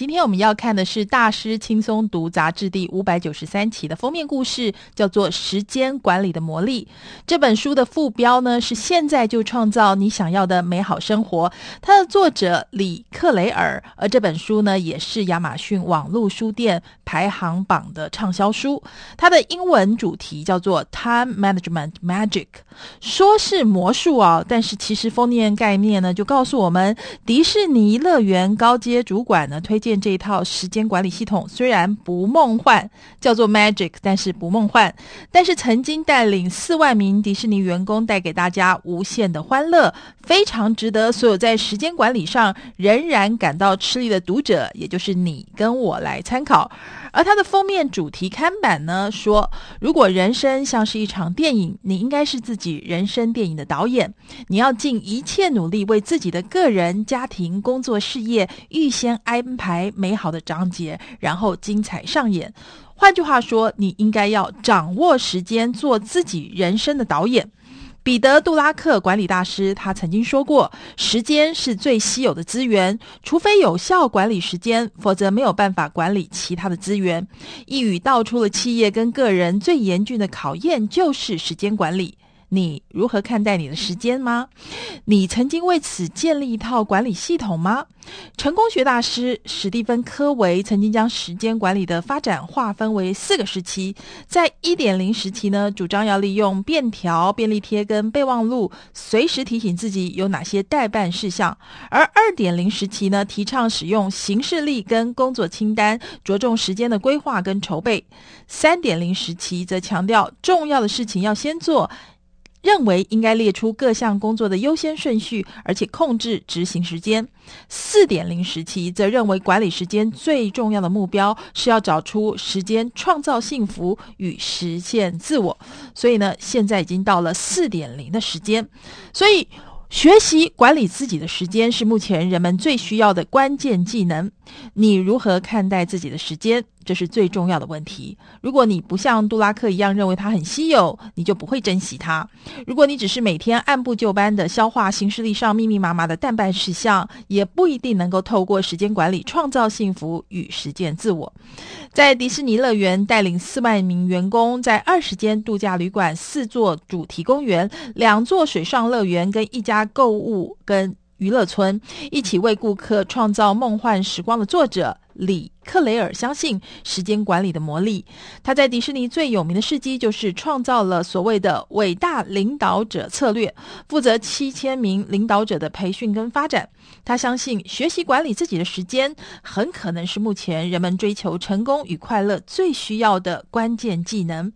今天我們要看的是《大師輕鬆讀》雜誌第五百九十三期的封面故事，叫做《時間管理的魔力》。這本書的副標呢是“現在就創造你想要的美好生活”。它的作者李克雷爾，而這本書呢也是亞馬遜網絡書店排行榜的暢銷書。它的英文主題叫做《Time Management Magic》，說是魔術哦、啊，但是其實封面概念呢就告訴我們，迪士尼樂園高階主管呢推薦。這一套時間管理系統雖然不夢幻，叫做 Magic，但是不夢幻，但是曾經帶領四萬名迪士尼員工，帶給大家無限的歡樂，非常值得所有在時間管理上仍然感到吃力的讀者，也就是你跟我來參考。而它的封面主題刊版呢，說如果人生像是一場電影，你應該是自己人生電影的導演。你要盡一切努力為自己的個人、家庭、工作、事業預先安排美好的章節，然後精彩上演。換句話說，你應該要掌握時間，做自己人生的導演。彼得·杜拉克，管理大師，他曾經說過：“時間是最稀有的資源，除非有效管理時間，否則沒有辦法管理其他的資源。”一語道出了企業跟個人最嚴峻的考驗，就是時間管理。你如何看待你的時間嗎？你曾經為此建立一套管理系統嗎？成功學大師史蒂芬·科維曾經將時間管理的發展劃分為四個時期。在一點零時期呢，主張要利用便條、便利貼跟備忘錄，隨時提醒自己有哪些待辦事項；而二點零時期呢，提倡使用行事曆跟工作清單，着重時間的規劃跟籌備。三點零時期則強調重要的事情要先做。認為應該列出各項工作的優先順序，而且控制執行時間。四點零時期則認為管理時間最重要的目標是要找出時間創造幸福與實現自我。所以呢，現在已經到了四點零的時間。所以學習管理自己的時間是目前人們最需要的關鍵技能。你如何看待自己的時間？這是最重要的問題。如果你不像杜拉克一樣認為它很稀有，你就不會珍惜它。如果你只是每天按部就班的消化行事曆上密密麻麻的待辦事項，也不一定能夠透過時間管理創造幸福與實踐自我。在迪士尼樂園帶領四萬名員工，在二十間度假旅館、四座主題公園、兩座水上樂園跟一家購物跟娛樂村，一起為顧客創造夢幻時光的作者李克雷爾相信時間管理的魔力。他在迪士尼最有名的事跡就是創造了所謂的“偉大領導者策略”，負責七千名領導者的培訓跟發展。他相信學習管理自己的時間，很可能是目前人們追求成功與快樂最需要的關鍵技能。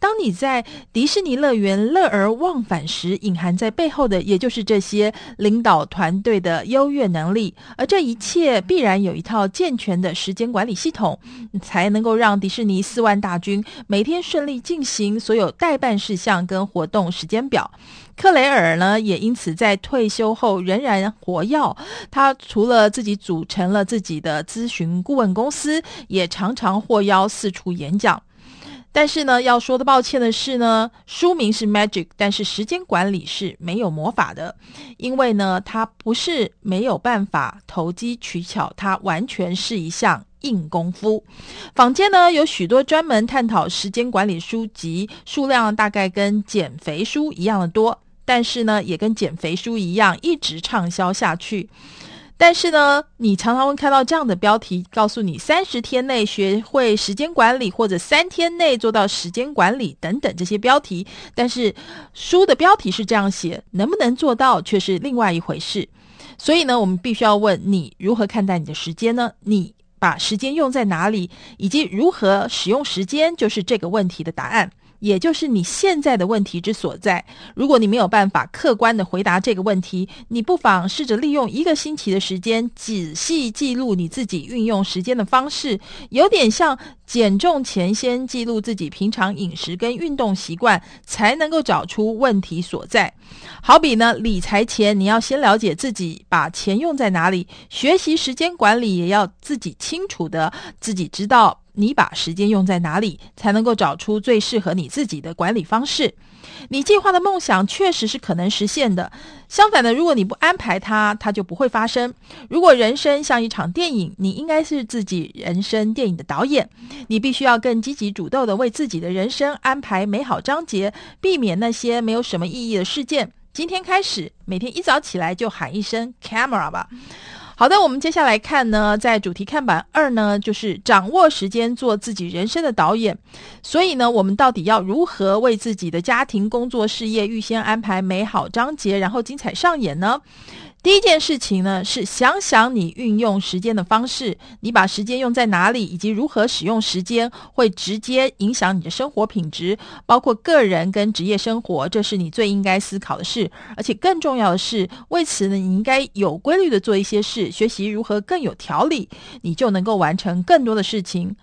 當你在迪士尼樂園樂而忘返時，隱含在背後的，也就是這些領導團隊的優越能力，而這一切必然有一套健全的時間。管理系統才能夠讓迪士尼四萬大軍每天順利進行所有代辦事項跟活動時間表。克雷爾呢，也因此在退休後仍然活躍，他除了自己組成了自己的諮詢顧問公司，也常常獲邀四處演講。但是呢，要說的抱歉的是呢，書名是《Magic》，但是時間管理是沒有魔法的，因為呢，他不是沒有辦法投機取巧，他完全是一項。硬功夫。坊間呢，有許多專門探討時間管理書籍，數量大概跟減肥書一樣的多，但是呢，也跟減肥書一樣一直暢銷下去。但是呢，你常常會看到這樣的標題，告訴你三十天內學會時間管理，或者三天內做到時間管理等等這些標題。但是書的標題是這樣寫，能不能做到卻是另外一回事。所以呢，我們必須要問你，如何看待你的時間呢？你把時間用在哪裡，以及如何使用時間，就是這個問題的答案。也就是你現在的問題之所在。如果你沒有辦法客觀的回答這個問題，你不妨試着利用一個星期的時間，仔細記錄你自己運用時間的方式，有點像減重前先記錄自己平常飲食跟運動習慣，才能夠找出問題所在。好比呢，理財前你要先了解自己把錢用在哪裡，學習時間管理也要自己清楚的自己知道。你把時間用在哪裡，才能夠找出最適合你自己的管理方式？你計劃的夢想確實是可能實現的。相反的，如果你不安排它，它就不會發生。如果人生像一場電影，你應該是自己人生電影的導演。你必須要更積極主動地為自己的人生安排美好章節，避免那些沒有什麼意義的事件。今天開始，每天一早起來就喊一聲 “camera” 吧。好的，我們接下來看呢，在主題看板二呢，就是掌握時間做自己人生的導演。所以呢，我們到底要如何為自己的家庭、工作、事業預先安排美好章節，然後精彩上演呢？第一件事情呢，是想想你運用時間的方式，你把時間用在哪裡，以及如何使用時間，會直接影響你的生活品質，包括個人跟職業生活。這是你最應該思考的事。而且更重要的是，為此呢，你應該有規律的做一些事，學習如何更有條理，你就能夠完成更多的事情。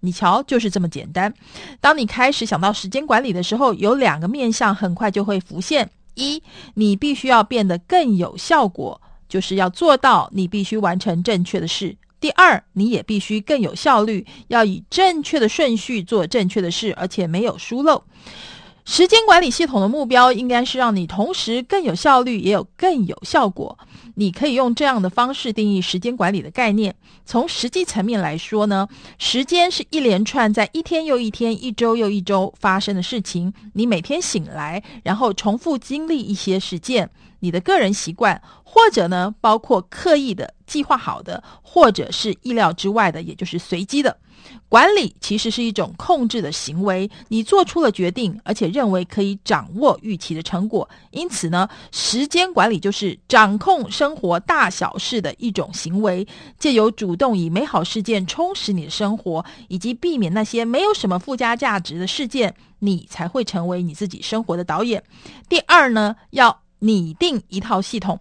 你瞧，就是這麼簡單。當你開始想到時間管理的時候，有兩個面向很快就會浮現。一，你必須要變得更有效果，就是要做到你必須完成正確的事。第二，你也必須更有效率，要以正確的順序做正確的事，而且沒有疏漏。時間管理系統的目標應該是讓你同時更有效率，也有更有效果。你可以用這樣的方式定義時間管理的概念。從實際層面來說呢，時間是一連串在一天又一天、一周又一周發生的事情。你每天醒來，然後重複經歷一些事件。你的個人習慣，或者呢，包括刻意的計劃好的，或者是意料之外的，也就是隨機的管理，其實是一種控制的行為。你做出了決定，而且認為可以掌握預期的成果，因此呢，時間管理就是掌控生活大小事的一種行為。借由主動以美好事件充實你的生活，以及避免那些沒有什麼附加價值的事件，你才會成為你自己生活的導演。第二呢，要。擬定一套系統，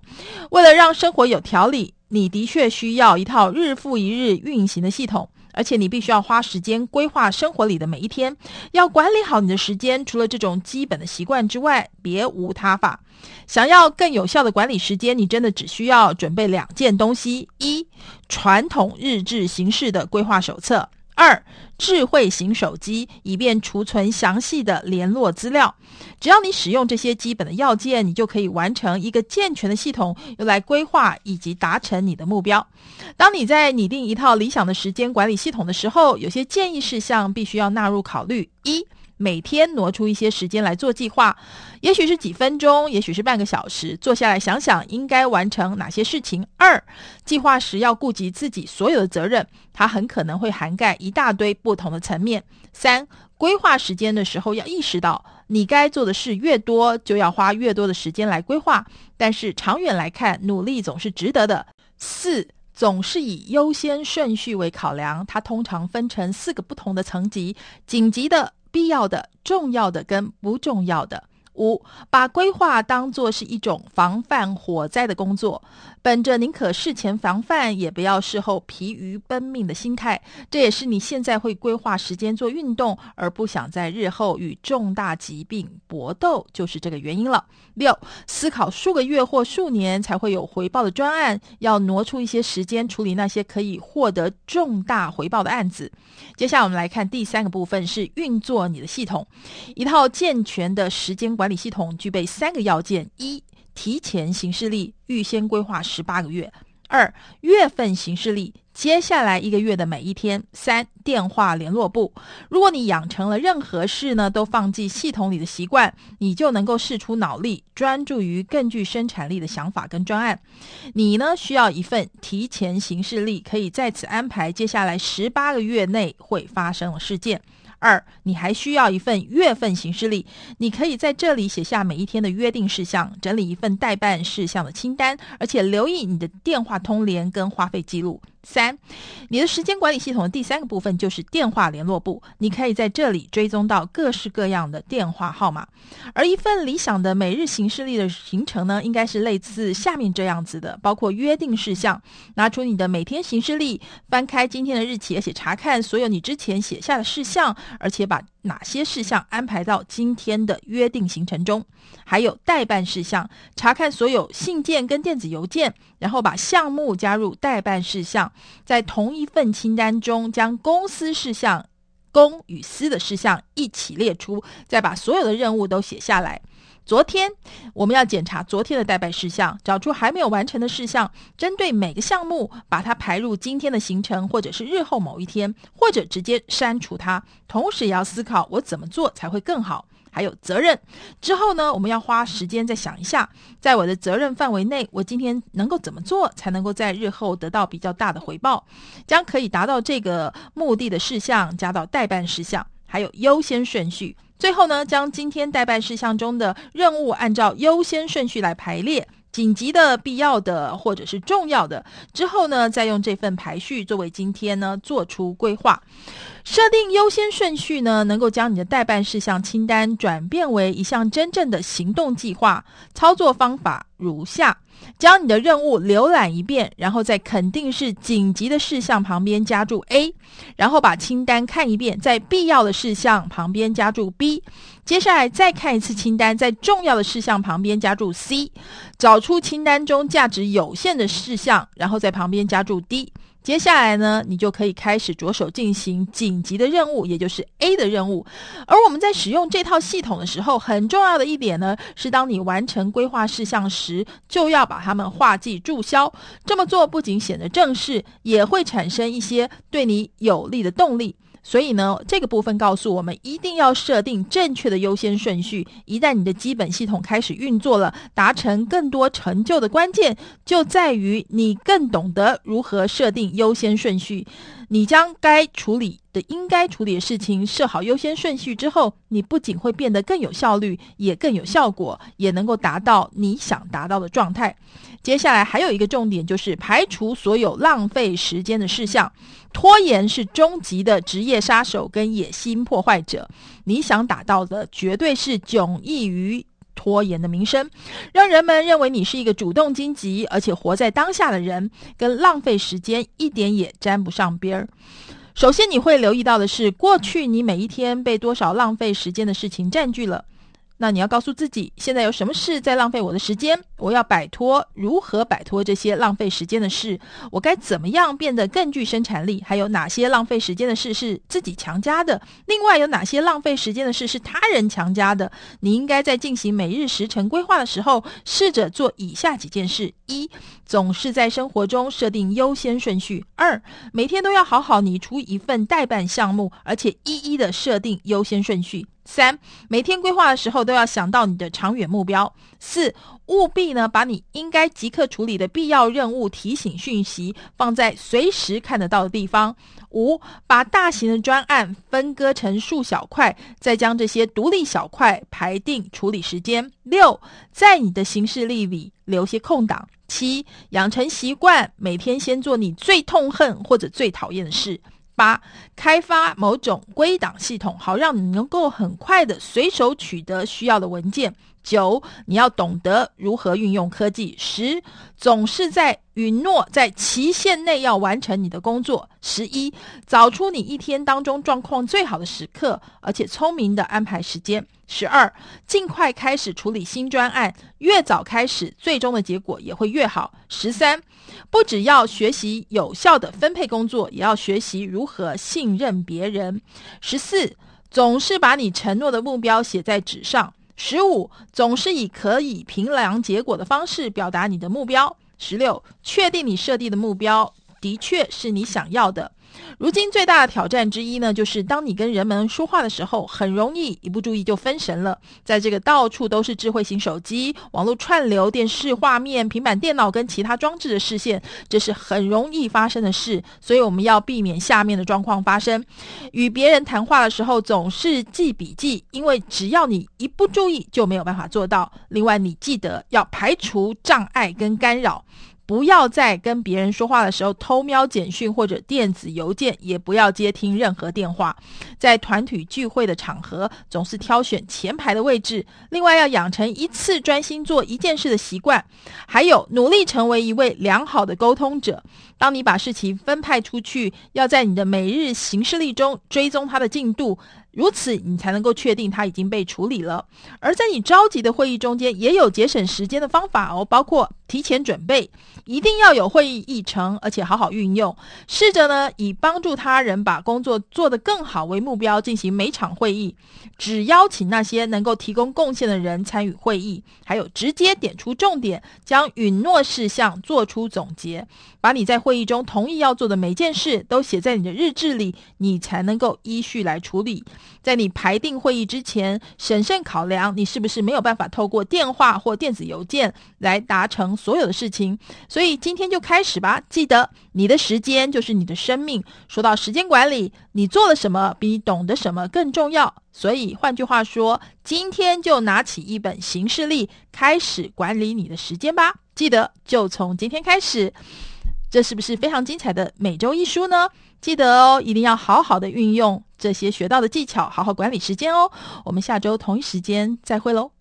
為了讓生活有條理，你的確需要一套日復一日運行的系統，而且你必須要花時間規劃生活裡的每一天，要管理好你的時間，除了這種基本的習慣之外，別無他法。想要更有效的管理時間，你真的只需要準備兩件東西：一、傳統日誌形式的規劃手冊。二，智慧型手機，以便儲存詳細的聯絡資料。只要你使用這些基本的要件，你就可以完成一個健全的系統，用來規劃以及達成你的目標。當你在擬定一套理想的時間管理系統的時候，有些建議事項必須要納入考慮。一每天挪出一些時間來做計劃，也許是幾分鐘，也許是半個小時，坐下來想想應該完成哪些事情。二，計劃時要顧及自己所有的責任，它很可能會涵蓋一大堆不同的層面。三，規劃時間的時候要意識到，你該做的事越多，就要花越多的時間來規劃，但是長遠來看，努力總是值得的。四，總是以優先順序為考量，它通常分成四個不同的層級：緊急的。必要的、重要的跟不重要的。五，把規劃當作是一種防範火災的工作。本着寧可事前防範，也不要事後疲於奔命的心態。這也是你現在會規劃時間做運動，而不想在日後與重大疾病搏鬥，就是這個原因了。六，思考數個月或數年才會有回報的專案，要挪出一些時間處理那些可以獲得重大回報的案子。接下來我們來看第三個部分，是運作你的系統。一套健全的時間管理系統具備三個要件：一。提前行事曆，預先規劃十八個月。二，月份行事曆，接下來一個月的每一天。三，電話聯絡簿，如果你養成了任何事呢都放進系統裡的習慣，你就能夠釋出腦力，專注於更具生產力的想法跟專案。你呢需要一份提前行事曆，可以在此安排接下來十八個月內會發生的事件。二，你還需要一份月份行事曆。你可以在這裡寫下每一天的約定事項，整理一份待辦事項的清單，而且留意你的電話通聯跟花費記錄。三，你的時間管理系統的第三個部分就是電話聯絡簿，你可以在這裡追蹤到各式各樣的電話號碼。而一份理想的每日行事曆的行程呢，應該是類似下面這樣子的，包括約定事項。拿出你的每天行事曆，翻開今天的日期，而且查看所有你之前寫下的事項，而且把。哪些事項安排到今天的約定行程中。還有待辦事項，查看所有信件跟電子郵件，然後把項目加入待辦事項。在同一份清單中，將公司事項、公與私的事項一起列出，再把所有的任務都寫下來。昨天我們要檢查昨天的待辦事項，找出還沒有完成的事項，針對每個項目，把它排入今天的行程，或者是日後某一天，或者直接刪除它。同時也要思考，我怎麼做才會更好。還有責任之後呢，我們要花時間再想一下，在我的責任範圍內，我今天能夠怎麼做才能夠在日後得到比較大的回報？將可以達到這個目的的事項加到待辦事項，還有優先順序。最後呢，將今天待辦事項中的任務按照優先順序來排列，緊急的、必要的或者是重要的。之後呢，再用這份排序作為今天呢做出規劃。設定優先順序呢，能夠將你的待辦事項清單轉變為一項真正的行動計劃。操作方法如下：將你的任務瀏覽一遍，然後在肯定是緊急的事項旁邊加注 A，然後把清單看一遍，在必要的事項旁邊加注 B。接下來再看一次清單，在重要的事項旁邊加注 C。找出清單中價值有限的事項，然後在旁邊加注 D。接下來呢，你就可以開始着手進行緊急的任務，也就是 A 的任務。而我們在使用這套系統的時候，很重要的一點呢，是當你完成規劃事項時，就要把它們劃記注銷。這麼做不僅顯得正式，也會產生一些對你有利的動力。所以呢，這個部分告訴我們，一定要設定正確的優先順序。一旦你的基本系統開始運作了，達成更多成就的關鍵就在於你更懂得如何設定優先順序，你將該處理。的應該處理的事情，設好優先順序之後，你不僅會變得更有效率，也更有效果，也能夠達到你想達到的狀態。接下來還有一個重點，就是排除所有浪費時間的事項。拖延是終極的職業殺手跟野心破壞者。你想達到的，絕對是迥異於拖延的名聲，讓人們認為你是一個主動積極而且活在當下的人，跟浪費時間一點也沾不上邊兒。首先，你會留意到的是，過去你每一天被多少浪費時間的事情佔據了。那你要告訴自己，現在有什麼事在浪費我的時間？我要擺脫，如何擺脫這些浪費時間的事？我該怎麼樣變得更具生產力？還有哪些浪費時間的事是自己強加的？另外有哪些浪費時間的事是他人強加的？你應該在進行每日時辰規劃的時候，試着做以下幾件事：一、總是在生活中設定優先順序；二、每天都要好好擬出一份代辦項目，而且一一的設定優先順序。三、每天規劃的時候都要想到你的長遠目標。四、務必呢，把你應該即刻處理的必要任務提醒訊息放在隨時看得到的地方。五、把大型的專案分割成數小塊，再將這些獨立小塊排定處理時間。六、在你的行事曆裡留些空檔。七、養成習慣，每天先做你最痛恨或者最討厭的事。八，開發某種歸檔系統，好讓你能夠很快的隨手取得需要的文件。九，9，你要懂得如何運用科技。十，總是在允諾，在期限內要完成你的工作。十一，找出你一天當中狀況最好的時刻，而且聰明的安排時間。十二，盡快開始處理新專案，越早開始，最終的結果也會越好。十三，不只要學習有效的分配工作，也要學習如何信任別人。十四，總是把你承諾的目標寫在紙上。十五，總是以可以評量結果的方式表達你的目標。十六，確定你設定的目標。的確是你想要的。如今最大的挑戰之一呢，就是當你跟人們說話的時候，很容易一不注意就分神了。在這個到處都是智慧型手機、網絡串流、電視畫面、平板電腦跟其他裝置的視線，這是很容易發生的事。所以我們要避免下面的狀況發生：與別人談話的時候總是記筆記，因為只要你一不注意就沒有辦法做到。另外，你記得要排除障礙跟干擾。不要在跟別人說話的時候偷瞄簡訊或者電子郵件，也不要接聽任何電話。在團體聚會的場合，總是挑選前排的位置。另外，要養成一次專心做一件事的習慣。還有，努力成為一位良好的溝通者。當你把事情分派出去，要在你的每日行事曆中追蹤它的進度，如此你才能夠確定它已經被處理了。而在你召集的會議中間，也有節省時間的方法哦，包括。提前準備，一定要有會議議程，而且好好運用。試着呢，以幫助他人把工作做得更好為目標進行每場會議。只邀請那些能夠提供貢獻的人參與會議。還有，直接點出重點，將允諾事項做出總結。把你在會議中同意要做的每件事都寫在你的日誌裡，你才能夠依序來處理。在你排定會議之前，審慎考量你是不是沒有辦法透過電話或電子郵件來達成。所有的事情，所以今天就開始吧。記得，你的時間就是你的生命。說到時間管理，你做了什麼比你懂得什麼更重要。所以，換句話說，今天就拿起一本行事曆，開始管理你的時間吧。記得，就從今天開始。這是不是非常精彩的每周一書呢？記得哦，一定要好好的運用這些學到的技巧，好好管理時間哦。我們下周同一時間再會嘍。